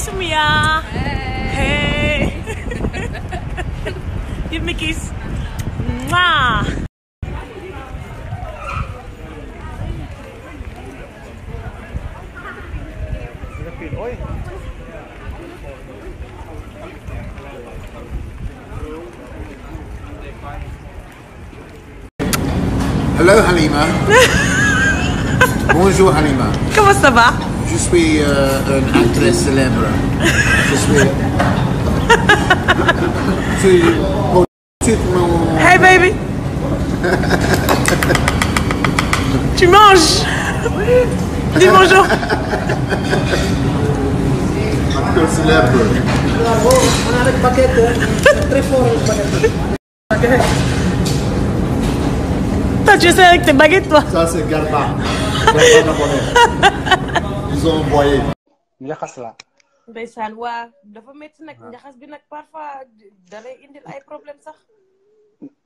Kiss me, yeah. Hey. hey. Give me a kiss. Mwah. Hello, Halima. Bonjour, Halima. Comment ça va? Je suis euh, un une actrice célèbre. Je suis. tu, bon, tu, mon... Hey baby! tu manges! Oui! Dis bonjour! célèbre. On a le paquet, très fort le baguette. Toi, tu essaies avec tes baguettes, toi? Ça, c'est garba. ils ont envoyé. njaxas la. ndeysaan waa dafa métti nag ah. njaxas bi nag parfois da lay indil ay problème sax.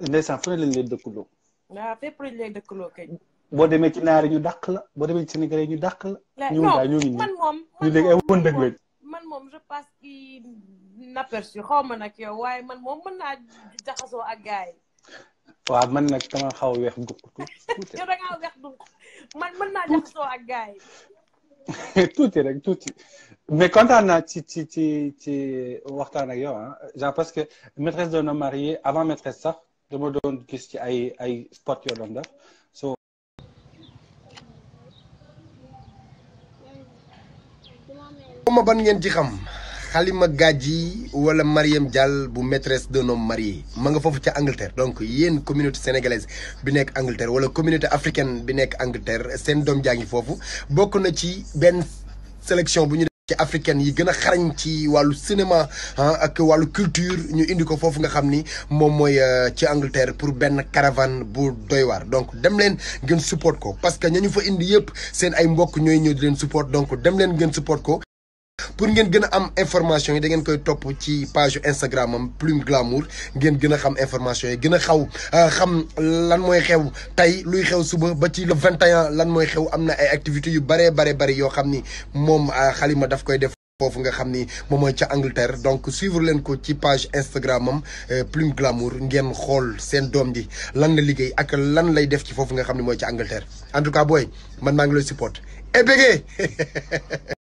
ndeysaan fu ne lañ leen dëkkuloo. waaw fépp lañ lay dëkkuloo kay. boo demee ci naari ñu dàq la boo demee ci sénégalais ñu dàq la. ñu ngi ñu ngi ñu man moom ñu dégg ay wëndëg lañ. man moom je passe inaperçu xaw ma nag yow waaye man moom mën naa jaxasoo ak gars yi. man nag dama xaw weex dugg tuuti. yow da weex dugg man mën naa jaxasoo ak tout rek tout mais quand on ci ci ci ci que maîtresse de nos mariés avant maîtresse sax spot so Halima Gadji wala Mariam Dial bu maîtresse d'un homme marié ma nga foofu ca Angleterre donc yéen communauté sénégalaise bi nekk Angleterre wala communauté africaine bi nekk Angleterre seen doom jaa foofu bokk na ci benn sélection bu ñu ci africaine yi gën a xarañ ci wàllu cinéma ah, ak wàllu culture ñu indi ko foofu nga xam ni moom mooy euh, ci Angleterre pour benn caravane bu doy waar donc dem leen ngeen support ko parce que ñu fa indi yëpp seen ay mbokk ñooy ñëw di leen support donc dem leen ngeen support ko pour ngeen gën a am information yi da ngeen koy topp ci page Instagram am Plume Glamour ngeen gën a xam information yi gën a xaw euh, xam lan mooy xew tey luy xew suba ba ci le 21 lan mooy xew am na ay activité yu bare bare bari yoo xam ni moom euh, xalima daf koy def foofu nga xam ni moom mooy ca Angleterre donc suivre leen ko ci page Instagram am euh, Plume Glamour ngeen xool seen doom ji lan la liggéey ak lan lay def ci foofu nga xam ni mooy ca Angleterre en tout cas booy man maa ngi lay support et